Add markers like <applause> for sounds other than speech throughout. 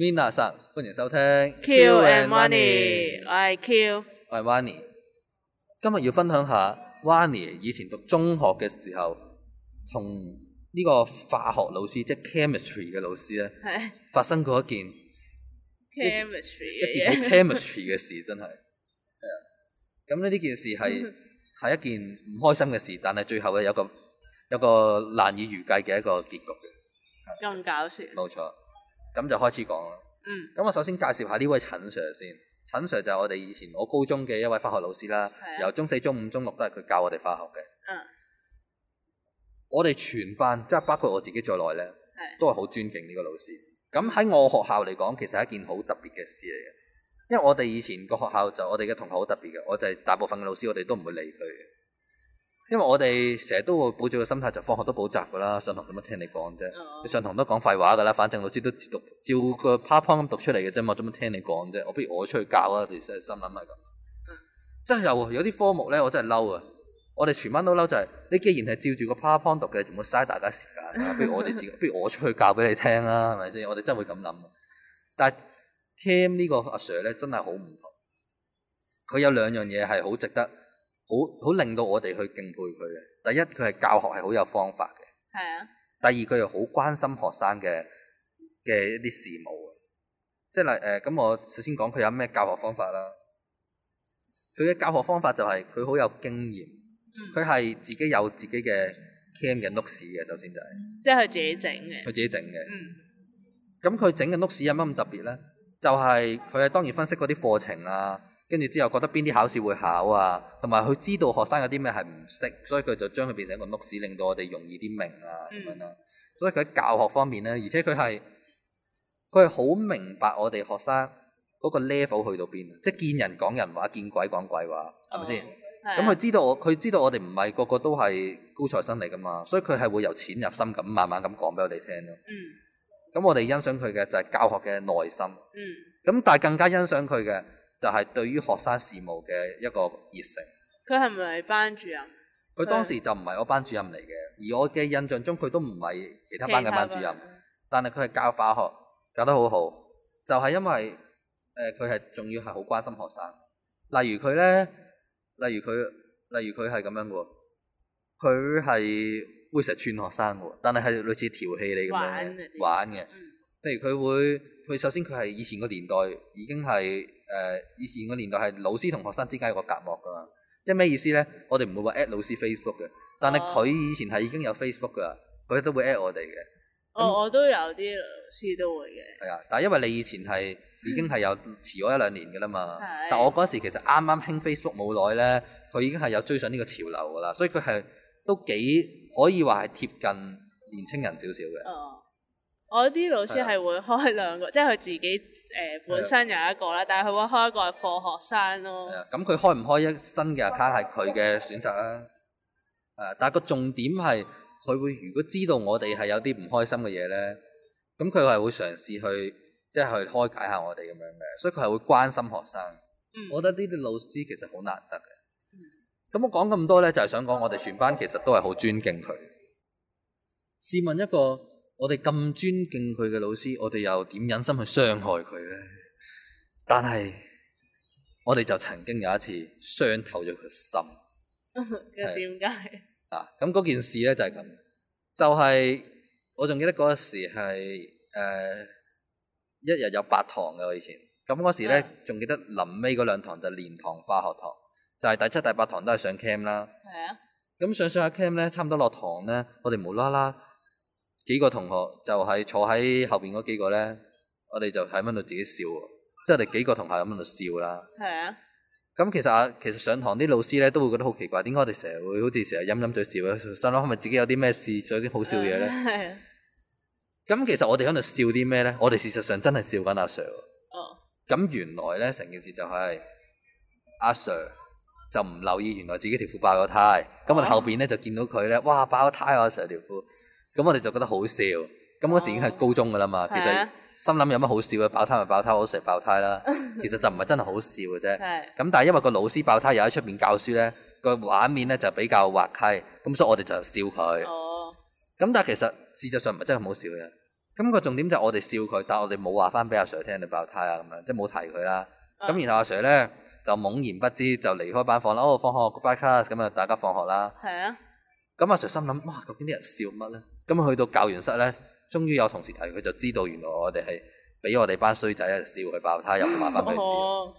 Minasan，歡迎收聽。Q and, and Wanee，我係 Q，我係 Wanee。今日要分享下 Wanee 以前讀中學嘅時候，同呢個化學老師，即係 chemistry 嘅老師咧， <laughs> 發生過一件， <laughs> 一件 chemistry 嘅 <laughs> 事，真係係啊。咁呢呢件事係係一件唔開心嘅事，但係最後咧有個有個難以預計嘅一個結局嘅。咁搞笑？冇錯。咁就開始講啦。咁、嗯嗯、我首先介紹下呢位陳 Sir 先。陳 Sir 就係我哋以前我高中嘅一位化學老師啦、啊。由中四、中五、中六都係佢教我哋化學嘅、嗯。我哋全班即係包括我自己在內咧，都係好尊敬呢個老師。咁喺我學校嚟講，其實係一件好特別嘅事嚟嘅。因為我哋以前個學校就我哋嘅同學好特別嘅，我就係大部分嘅老師，我哋都唔會理佢嘅。因為我哋成日都會抱住個心態，就放學都補習噶啦，上堂做乜聽你講啫？Oh. 你上堂都講廢話噶啦，反正老師都照照個 PowerPoint 咁讀出嚟嘅啫嘛，做乜聽你講啫？我不如我出去教啊！其實、uh. 真係心諗係咁，真係有有啲科目咧，我真係嬲啊！我哋全班都嬲，就係、是、你既然係照住個 PowerPoint 讀嘅，仲會嘥大家時間、啊、 <laughs> 不如我哋自不如我出去教俾你聽啦、啊，係咪先？我哋真係會咁諗。但係 Cam 呢個阿 Sir 咧，真係好唔同。佢有兩樣嘢係好值得。好好令到我哋去敬佩佢嘅。第一，佢係教學係好有方法嘅。係啊。第二，佢又好關心學生嘅嘅一啲事務。即係嚟誒，咁、呃、我首先講佢有咩教學方法啦。佢嘅教學方法就係佢好有經驗。佢、嗯、係自己有自己嘅 cam 嘅 notes 嘅，首先就係、是。即係佢自己整嘅。佢自己整嘅。嗯。咁佢整嘅 notes 有乜咁特別咧？就係佢係當然分析嗰啲課程啊。跟住之後覺得邊啲考試會考啊，同埋佢知道學生有啲咩係唔識，所以佢就將佢變成一個 notes，令到我哋容易啲明啊咁、嗯、樣啦。所以佢喺教學方面呢，而且佢係佢係好明白我哋學生嗰個 level 去到邊，即、就、係、是、見人講人話，見鬼講鬼話，係咪先？咁佢、啊、知道我佢知道我哋唔係個個都係高材生嚟噶嘛，所以佢係會由淺入深咁慢慢咁講俾我哋聽咯。咁、嗯、我哋欣賞佢嘅就係教學嘅耐心。咁、嗯、但係更加欣賞佢嘅。就係、是、對於學生事務嘅一個熱誠。佢係咪班主任？佢當時就唔係我班主任嚟嘅，而我嘅印象中佢都唔係其他班嘅班主任。他但係佢係教化學，教得好好。就係、是、因為誒，佢係仲要係好關心學生。例如佢咧、嗯，例如佢，例如佢係咁樣嘅喎。佢係會成日串學生嘅，但係係類似調戲你咁樣玩嘅。譬、嗯、如佢會，佢首先佢係以前個年代已經係。誒以前個年代係老師同學生之間有個隔膜㗎嘛，即係咩意思咧？嗯、我哋唔會話 at 老師 Facebook 嘅，但係佢以前係已經有 Facebook 㗎，佢都會 at 我哋嘅。我、哦、我都有啲老師都會嘅。係啊，但係因為你以前係已經係有遲咗、嗯、一兩年㗎啦嘛，是的但係我嗰時其實啱啱興 Facebook 冇耐咧，佢已經係有追上呢個潮流㗎啦，所以佢係都幾可以話係貼近年青人少少嘅。哦，我啲老師係會開兩個，是即係佢自己。誒本身有一個啦，但係佢會開一個破學生咯。咁佢開唔開一新嘅 account 係佢嘅選擇啦？誒，但係個重點係佢會，如果知道我哋係有啲唔開心嘅嘢咧，咁佢係會嘗試去即係、就是、去開解下我哋咁樣嘅。所以佢係會關心學生。嗯，我覺得呢啲老師其實好難得嘅。嗯，咁我講咁多咧，就係、是、想講我哋全班其實都係好尊敬佢。試問一個我哋咁尊敬佢嘅老師，我哋又點忍心去傷害佢咧？但係我哋就曾經有一次傷透咗佢心。咁點解？啊，咁嗰件事咧就係咁，就係、是就是、我仲記得嗰時係誒、呃、一日有八堂嘅我以前。咁嗰時咧仲記得臨尾嗰兩堂就係連堂化學堂，就係、是、第七、第八堂都係上 cam 啦。係啊。咁上上下 cam 咧，差唔多落堂咧，我哋無啦啦。幾個同學就係坐喺後邊嗰幾個咧，我哋就喺咁度自己笑，即係我哋幾個同學喺度笑啦。係啊，咁 <music> 其實啊，其實上堂啲老師咧都會覺得好奇怪，點解我哋成日會好似成日陰陰嘴笑咧？心諗係咪自己有啲咩事，做啲好笑嘢咧？係啊。咁 <music> <music> 其實我哋喺度笑啲咩咧？我哋事實上真係笑緊阿 Sir。哦。 <music> 咁原來咧成件事就係阿 Sir 就唔留意，原來自己條褲爆咗胎。咁 <music> 我哋後邊咧就見到佢咧，哇，爆咗胎啊，阿 Sir 條褲。咁我哋就覺得好笑，咁嗰時已經係高中噶啦嘛，哦，其實心諗有乜好笑啊？爆胎咪爆胎，我成日爆胎啦， <laughs> 其實就唔係真係好笑嘅啫。咁、嗯、但係因為個老師爆胎又喺出面教書呢，個畫面呢就比較滑稽，咁所以我哋就笑佢。哦，咁但係其實事實上唔係真係好笑嘅，咁、個重點就係我哋笑佢，但我哋冇話翻俾阿 Sir 聽你爆胎啊咁樣，即係冇提佢啦。咁、嗯、然後阿 Sir 呢，就懵然不知就離開班房啦。哦，放學 goodbye class，咁啊大家放學啦。係啊。咁阿 Sir 心諗，哇！究竟啲人笑乜咧？咁去到教員室咧，終於有同事提，佢就知道原來我哋係俾我哋班衰仔笑佢爆胎又入，有麻麻俾佢知。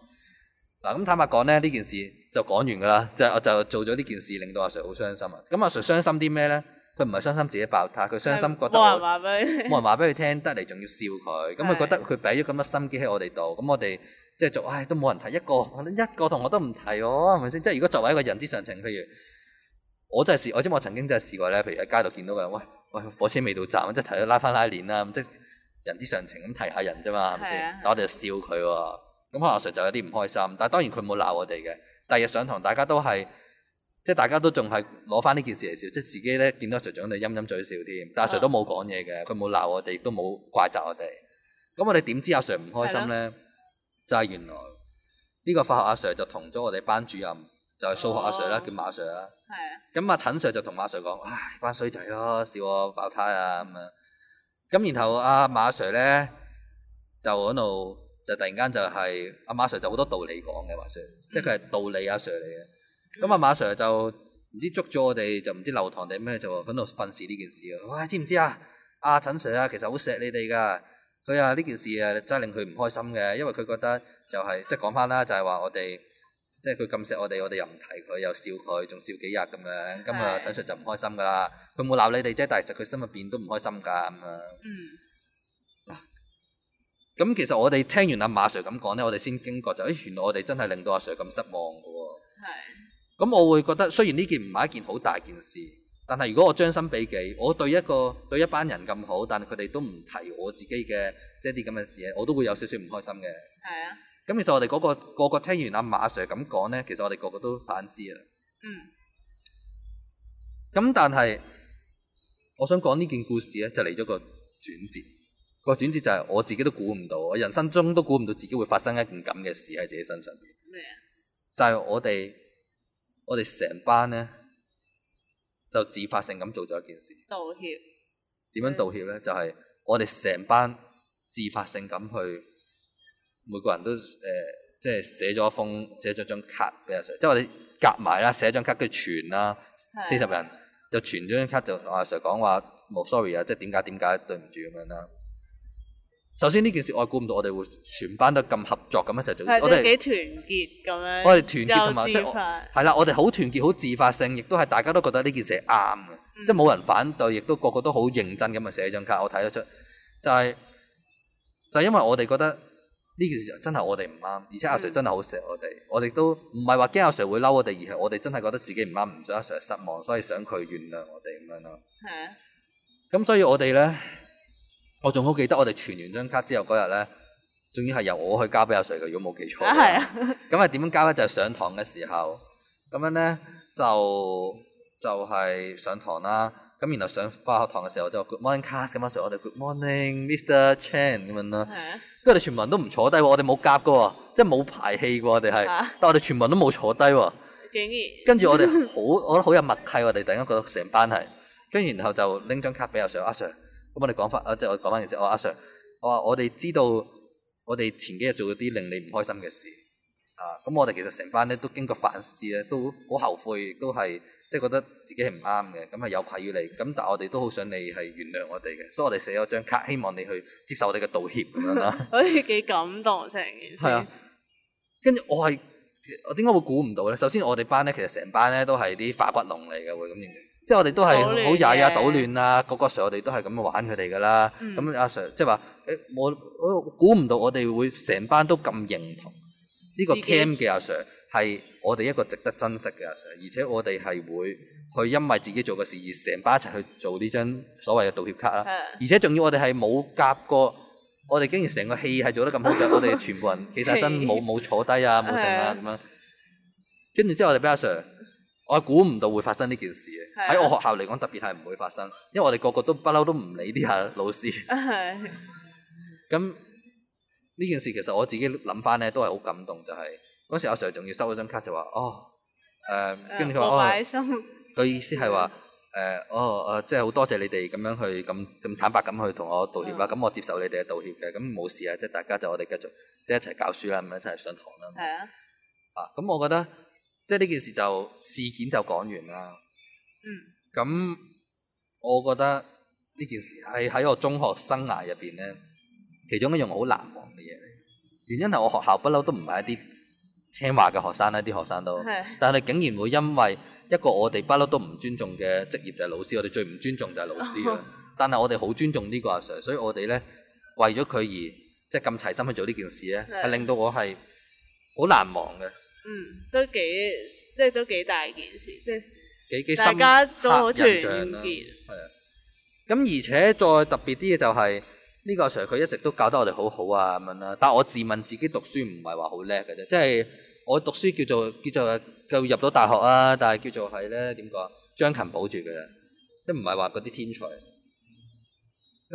嗱 <laughs> 咁坦白講咧，呢件事就講完噶啦，就就做咗呢件事，令到阿 Sir 好傷心啊！咁阿 Sir 傷心啲咩咧？佢唔係傷心自己爆胎，佢傷心覺得冇人話俾冇人話俾佢聽，得嚟仲要笑佢。咁 <laughs> 佢覺得佢俾咗咁嘅心機喺我哋度，咁我哋即係做唉都冇人提一個，一個同學都唔提喎，係咪先？即係如果作為一個人之常情，譬如。我真係試過，我知我曾經真係試過咧。譬如喺街度見到嘅，喂喂，火車未到站，即係提拉翻拉鏈啦，即係人之常情咁提下人啫嘛，係咪先？但我哋就笑佢喎，咁可能阿、啊、Sir 就有啲唔開心。但係當然佢冇鬧我哋嘅。第二日上堂，大家都係即係大家都仲係攞翻呢件事嚟笑，即係自己咧見到阿 Sir 喺度陰陰嘴笑添。但阿 Sir 都冇講嘢嘅，佢冇鬧我哋，都冇怪責我哋。咁我哋點知阿 Sir 唔開心咧、啊？就係、是、原來呢個化學阿 Sir 就同咗我哋班主任。就係、是、數學阿 Sir 啦，叫馬 Sir 啦。係咁阿陳 Sir 就同馬 Sir 講：唉，班衰仔咯，笑我爆胎啊咁樣。咁然後阿馬 Sir 咧就喺度，就突然間就係、是、阿馬 Sir 就好多道理講嘅馬 Sir，即係佢係道理阿、嗯啊、Sir 嚟嘅。咁、嗯、阿、嗯、馬 Sir 就唔知捉咗我哋，就唔知留堂定咩，就喺度訓示呢件事、哎、知唔知啊！喂，知唔知啊？阿陳 Sir 啊，其實好錫你哋㗎。佢啊呢件事啊真係令佢唔開心嘅，因為佢覺得就係、是、即係講返啦，就係、是、話我哋。即係佢咁錫我哋，我哋又唔提佢，又笑佢，仲笑幾日咁樣，咁啊，陳 Sir 就唔開心噶啦。佢冇鬧你哋啫，但係其實佢心入邊都唔開心噶咁啊。嗯。嗱，咁其實我哋聽完阿馬 Sir 咁講咧，我哋先驚覺就，誒、哎，原來我哋真係令到阿 Sir 咁失望噶喎。係。咁我會覺得，雖然呢件唔係一件好大件事，但係如果我將心比己，我對一個對一班人咁好，但係佢哋都唔提我自己嘅，即係啲咁嘅事，我都會有少少唔開心嘅。係啊。咁其實我哋嗰個個個聽完阿馬 sir 咁講咧，其實我哋個個都反思啦。嗯。咁但係，我想講呢件故事咧，就嚟咗個轉折。個轉折就係我自己都估唔到，我人生中都估唔到自己會發生一件咁嘅事喺自己身上邊。咩啊？就係我哋，我哋成班咧，就自發性咁做咗一件事。道歉。點樣道歉咧、嗯？就係我哋成班自發性咁去。每個人都誒、呃，即係寫咗封，寫咗張卡俾阿 Sir，即係我哋夾埋啦，寫張卡跟住傳啦，四十人就傳咗張卡就同阿 Sir 講話，冇 sorry 啊，即係點解點解對唔住咁樣啦。首先呢件事我估唔到，我哋會全班都咁合作咁一齊做。我哋幾團結咁樣。我哋團結同埋即係，係啦，我哋好團結，好自、就是、自發性，亦都係大家都覺得呢件事係啱嘅，即係冇人反對，亦都個個都好認真咁嚟寫張卡，我睇得出。就係、係、就係、因為我哋覺得。呢件事真係我哋唔啱，而且阿 Sir 真係好錫我哋、嗯，我哋都唔係話驚阿 Sir 會嬲我哋，而係我哋真係覺得自己唔啱，唔想阿 Sir 失望，所以想佢原諒我哋咁樣咯。係啊，咁所以我哋咧，我仲好記得我哋傳完張卡之後嗰日咧，仲要係由我去交俾阿 Sir 嘅，如果冇記錯嘅話。咁係點樣交咧？就係、是、上堂嘅時候，咁樣咧就就係、是、上堂啦。咁然後上化學堂嘅時候就 Good morning class 咁、啊、阿 Sir，我哋 Good morning Mr Chan 咁樣啦，係啊，跟住我哋全部人都唔坐低喎，我哋冇夾嘅喎，即係冇排氣嘅喎，我哋係、啊，但我哋全部人都冇坐低喎。竟然，跟住我哋好，我覺得好有默契喎，我哋突然間覺得成班係，跟住然後就拎張卡俾阿、啊、Sir，阿 Sir，咁我哋講翻，即係我講翻件事，我、啊、阿、啊、Sir，我話我哋知道我哋前幾日做咗啲令你唔開心嘅事。啊，咁我哋其實成班咧都經過反思咧，都好後悔，都係即係覺得自己係唔啱嘅，咁係有愧於你。咁但係我哋都好想你係原諒我哋嘅，所以我哋寫咗張卡，希望你去接受我哋嘅道歉咁樣啦。好似幾感動成件事。啊，跟住我係我點解會估唔到咧。首先我哋班咧，其實成班咧都係啲化骨龍嚟嘅，會咁、嗯啊欸、認同。即係我哋都係好曳啊，搗亂啊，個個 Sir 我哋都係咁樣玩佢哋㗎啦。咁阿 Sir 即係話，誒我我估唔到我哋會成班都咁認同。呢、這個 cam 嘅阿、啊、Sir 係我哋一個值得珍惜嘅阿、啊、Sir，而且我哋係會去因為自己做嘅事而成班一齊去做呢張所謂嘅道歉卡啊！而且仲要我哋係冇夾過，我哋竟然成個戲係做得咁好嘅， <laughs> 我哋全部人企晒身，冇 <laughs> 冇坐低啊，冇剩啊咁樣。跟住之後我哋俾阿 Sir，我估唔到會發生呢件事。喺我學校嚟講特別係唔會發生，因為我哋個個都，都不嬲都唔理啲下老師。咁 <laughs> 呢件事其實我自己諗翻咧，都係好感動。就係、是、嗰時阿 Sir 仲要收咗張卡，就話哦，誒，跟住佢話哦，佢意思係話誒，哦，誒、呃，即係好多謝你哋咁樣去咁咁坦白咁去同我道歉啦。咁、嗯嗯、我接受你哋嘅道歉嘅，咁冇事啊。即、就、係、是、大家就我哋繼續即係、就是、一齊教書啦，咁樣一齊上堂啦。係、嗯、啊，啊、嗯，咁我覺得即係呢件事就事件就講完啦。嗯，咁我覺得呢件事係喺我中學生涯入邊咧。其中一樣好難忘嘅嘢，原因係我學校不嬲都唔係一啲聽話嘅學生啦，啲學生都，是但係竟然會因為一個我哋不嬲都唔尊重嘅職業就係老師，我哋最唔尊重就係老師、哦、但係我哋好尊重呢個阿 Sir，所以我哋咧為咗佢而即係咁齊心去做呢件事咧，係令到我係好難忘嘅。嗯，都幾即係、就是、都幾大件事，即、就、係、是、幾幾深刻印象啦。係啊，咁而且再特別啲嘅就係、是。呢、這個阿 Sir 佢一直都教得我哋好好啊咁樣啦，但係我自問自己讀書唔係話好叻嘅啫，即、就、係、是、我讀書叫做叫做就入到大學啊，但係叫做係咧點講？將勤補拙嘅啫，即係唔係話嗰啲天才。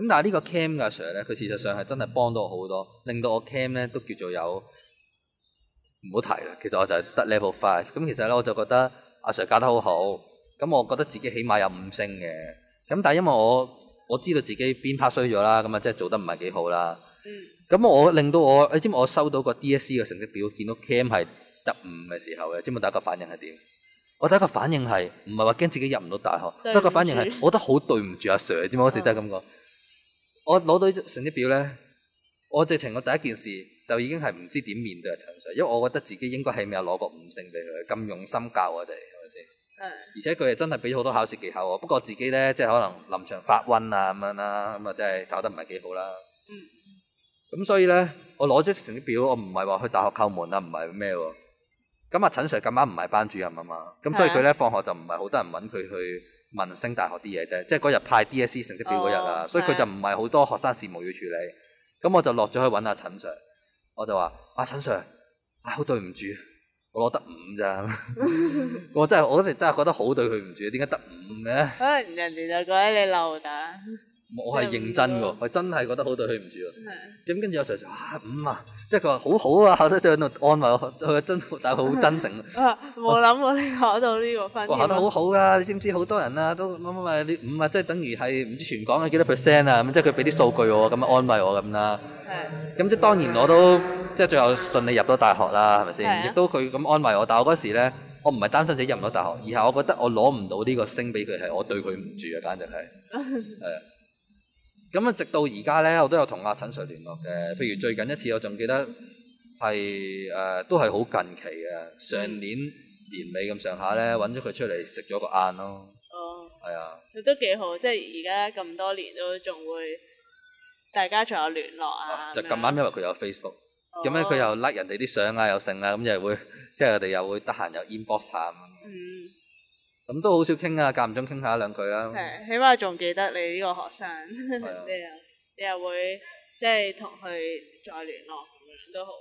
咁但係呢個 Cam 阿 Sir 咧，佢事實上係真係幫到我好多，令到我 Cam 咧都叫做有唔好提啦。其實我就係得 Level Five。咁其實咧我就覺得阿 Sir 教得好好，咁我覺得自己起碼有五星嘅。咁但係因為我我知道自己邊 part 衰咗啦，咁啊即係做得唔係幾好啦。咁我令到我，你知唔知我收到個 d s c 嘅成績表，見到 Cam 係得唔嘅時候嘅，知唔知第一個反應係點？我第一個反應係唔係話驚自己入唔到大學？第一個反應係，我覺得好對唔住阿 Sir，知唔嗰真係咁講。Uh-huh. 我攞到成績表咧，我直情我第一件事就已經係唔知點面對阿陳 Sir，因為我覺得自己應該係咪攞個五星俾佢咁用心教我哋。而且佢係真係俾咗好多考試技巧喎，不過自己咧即係可能臨場發瘟啊咁樣啦，咁啊即係炒得唔係幾好啦。嗯，咁所以咧，我攞咗成績表，我唔係話去大學叩門啊，唔係咩喎。咁啊，陳 Sir 咁啱唔係班主任啊嘛，咁所以佢咧放學就唔係好多人揾佢去問升大學啲嘢啫，即係嗰日派 DSE 成績表嗰日啊，哦、所以佢就唔係好多學生事務要處理。咁我就落咗去揾阿陳 Sir，我就話：阿、啊、陳 Sir，好、哎、對唔住。我得五咋，我真係嗰時真係覺得好對佢唔住，點解得五嘅？可能人哋就覺得你漏膽。我係認真嘅，我真係覺得好對佢唔住。係。咁跟住有時就五啊，即係佢話好好啊，得都喺度安慰我，佢真但係好真誠。啊 <laughs> 冇諗我考到呢個分。考得好好啊。你知唔知好多人啊都乜乜乜啲五啊，即係等於係唔知全港有幾多 percent 啊咁，即係佢俾啲數據我咁、嗯、安慰我咁啦。係，咁即係當然我都即係最後順利入到大學啦，係咪先？亦都佢咁安慰我，但係我嗰時咧，我唔係擔心自己入唔到大學，而係我覺得我攞唔到呢個星俾佢，係我對佢唔住啊，簡直係，係 <laughs> 啊。咁啊，直到而家咧，我都有同阿陳 Sir 聯絡嘅。譬如最近一次，我仲記得係誒、呃，都係好近期嘅，上年年尾咁上下咧，搵咗佢出嚟食咗個晏咯。哦，係啊，佢都幾好，即係而家咁多年都仲會。大家仲有聯絡啊，啊，就咁啱，因為佢有 Facebook，咁咧佢又甩、like、人哋啲相啊，嗯、又剩、嗯、啊，咁又會即係我哋又會得閒又 inbox 下咁嗯。咁都好少傾啊，間唔中傾下一兩句啊。係，起碼仲記得你呢個學生， <laughs> 你又你又會即係同佢再聯絡咁樣都好。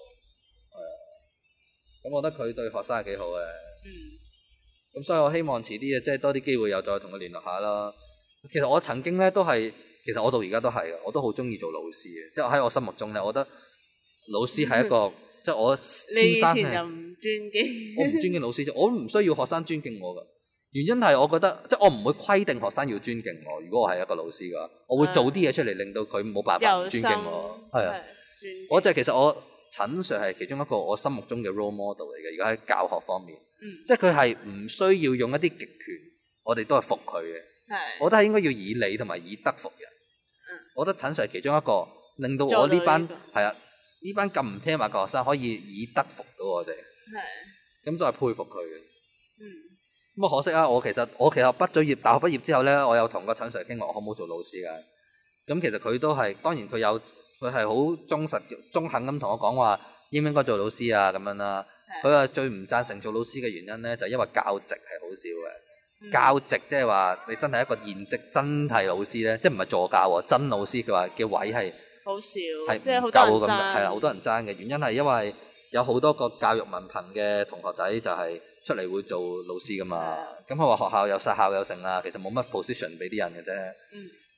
係啊。咁我覺得佢對學生係幾好嘅。嗯。咁所以我希望遲啲嘅即係多啲機會又再同佢聯絡一下啦。其實我曾經咧都係。其實我到而家都係嘅，我都好中意做老師嘅。即係喺我心目中咧，我覺得老師係一個、嗯、即係我天生。你以前唔尊敬。 <laughs> 我唔尊敬老師，我唔需要學生尊敬我嘅。原因係我覺得，即係我唔會規定學生要尊敬我。如果我係一個老師嘅，我會做啲嘢出嚟、嗯、令到佢冇辦法唔尊敬我。係啊，我就係、是、其實我陳 Sir 係其中一個我心目中嘅 role model 嚟嘅。而家喺教學方面，嗯、即係佢係唔需要用一啲極權，我哋都係服佢嘅、嗯。我覺得係應該要以理同埋以德服人。我覺得陳 Sir 其中一個令到我呢班，係啊，呢班咁唔聽話嘅學生可以以德服到我哋，咁都係佩服佢嘅。咁、嗯、啊可惜啊，我其實我其實畢咗業，大學畢業之後咧，我有同個陳 Sir 傾話，我好唔好做老師㗎？咁其實佢都係當然佢有佢係好忠實忠肯咁同我講話應唔應該做老師啊咁樣啦。佢話最唔贊成做老師嘅原因咧，就係、是、因為教職係好少嘅。教職即係話，就是，說你真係一個現職真係老師咧，即係唔係助教喎，真老師佢話嘅位係好少，係即係好多人爭，係啦，好多人爭嘅原因係因為有好多個教育文憑嘅同學仔就係出嚟會做老師噶嘛。咁佢話學校有殺校有成啊，其實冇乜 position 俾啲人嘅啫。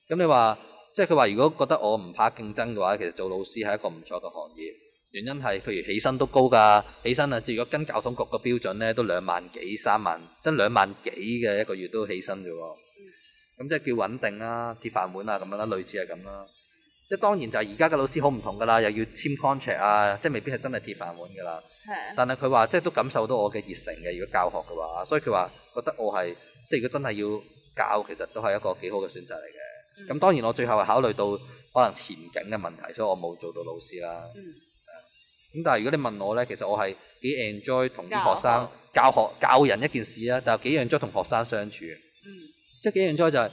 咁、嗯、你話即係佢話如果覺得我唔怕競爭嘅話，其實做老師係一個唔錯嘅行業。原因係，譬如起薪都高㗎，起薪啊，即如果跟教統局嘅標準咧，都兩萬幾三萬，即係兩萬幾嘅一個月都起薪啫喎。咁即係叫穩定啦，啊，鐵飯碗啦咁樣啦，類似係咁啦。即係當然就係而家嘅老師好唔同㗎啦，又要簽 contract 啊，即係未必係真係鐵飯碗㗎啦。但係佢話，即係都感受到我嘅熱誠嘅，如果教學嘅話，所以佢話覺得我係，即係如果真係要教，其實都係一個幾好嘅選擇嚟嘅。咁、嗯、當然我最後係考慮到可能前景嘅問題，所以我冇做到老師啦。嗯咁但係如果你問我咧，其實我係幾 enjoy 同啲學生教，教學教人一件事啊，但幾 enjoy 同學生相處，嗯，即係幾 enjoy 就係、是、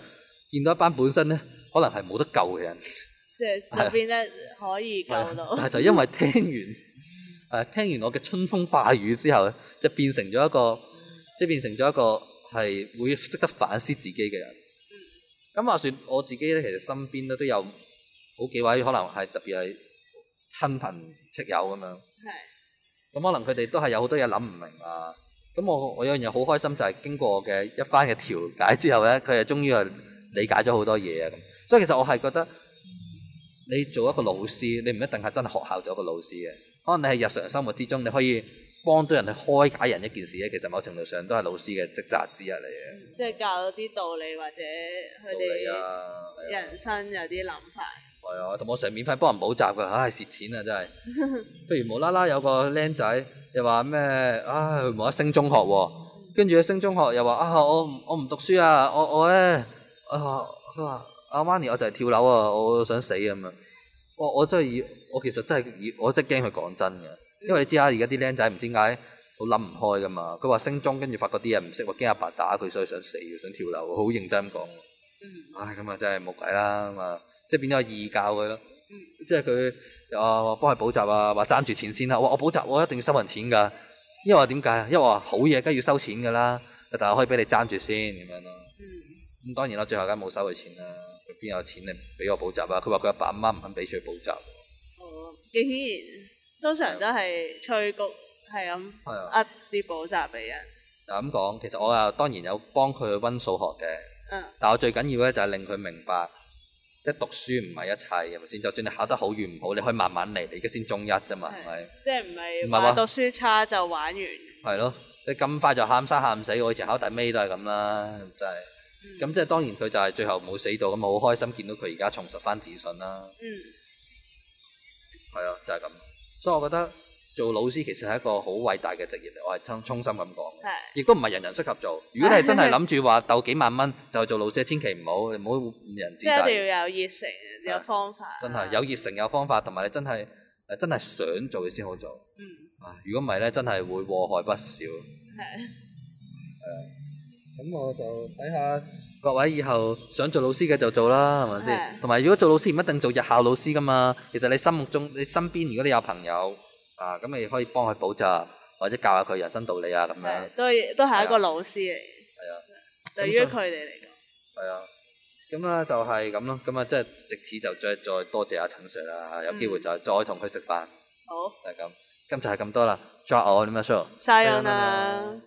見到一班本身咧，可能係冇得救嘅人，即、就、係、是、就變得可以救到。是啊是啊、但係就因為聽完誒 <laughs> 聽完我嘅春風化雨之後咧，就變成咗一個，即係變成咗一個係會識得反思自己嘅人。咁話說我自己咧，其實身邊咧都有好幾位可能係特別係。親朋戚友咁樣，咁可能佢哋都係有好多嘢諗唔明啊！咁我我有樣嘢好開心就係經過嘅一番嘅調解之後咧，佢係終於係理解咗好多嘢啊！咁所以其實我係覺得，你做一個老師，你唔一定係真係學校做一個老師嘅，可能你係日常生活之中你可以幫到人去開解人一件事咧，其實某程度上都係老師嘅職責之一嚟嘅。即、嗯、係、就係、教啲道理或者佢哋人生有啲諗法。係、哎哎、啊，同我成日免費幫人補習嘅，唉蝕錢啊真係。不如無啦啦有個僆仔，又話咩？唉，佢冇得升中學，啊，跟住去升中學又話啊，我我唔讀書啊，我我咧，佢話阿媽咪，我就係跳樓啊，我想死咁啊。我我真係以，我其實真係以，我真驚佢講真嘅。因為你知啊，而家啲僆仔唔知點解好諗唔開噶嘛。佢話升中，跟住發覺啲人唔識，驚阿爸，爸打佢，所以想死又想跳樓，好認真咁講。嗯、哎。唉，咁啊真係冇計啦嘛。即係變咗個義教佢咯、嗯，即係佢啊幫佢補習啊，話爭住錢先啦。我補習我，我一定要收人錢噶，因為話點解啊？因為話好嘢，梗係要收錢噶啦。但係可以俾你爭住先咁樣咯。咁、嗯嗯、當然啦，最後梗冇收佢錢啦。佢邊有錢嚟俾我補習啊？佢話佢阿爸阿媽唔肯俾出去補習。哦，竟然通常都係催谷，係咁呃啲補習俾人。嗱咁講，其實我啊，當然有幫佢温數學嘅。嗯。但我最緊要咧就係令佢明白。即係讀書唔係一切，係咪先？就算你考得好遠唔好，你可以慢慢嚟。你而家先中一啫嘛，係。即係唔係話讀書差就玩完？係咯，你咁快就喊生喊死，我以前考大尾都係咁啦，真係。咁即係當然佢就係最後冇死到，咁我好開心見到佢而家重拾翻自信啦。嗯，係啊，就係咁。所以我覺得。做老師其實係一個好偉大嘅職業，我係真衷心咁講，係亦都唔係人人適合做。如果你係真係諗住話鬥幾萬蚊，就做老師， <laughs> 千祈唔好唔好誤人子弟。一定要有熱誠，有方法。真係有熱誠有方法，同埋你真係真係想做嘅先好做。嗯，啊，如果唔係咧，真係會禍害不少。係。咁、uh, 我就睇下各位以後想做老師嘅就做啦，係咪先？同埋如果做老師唔一定做日校老師噶嘛，其實你心目中你身邊如果你有朋友。啊，咁你可以幫佢補習，或者教下佢人生道理啊，咁樣，都都係一個老師嚟。係啊，對於佢哋嚟講。係啊，咁啊就係咁咯，咁啊即係，藉此就再再多謝阿陳 Sir 啦、嗯，有機會就再同佢食飯。好。係、就、咁、是，今集就係咁多啦，再愛你們笑。再見啦。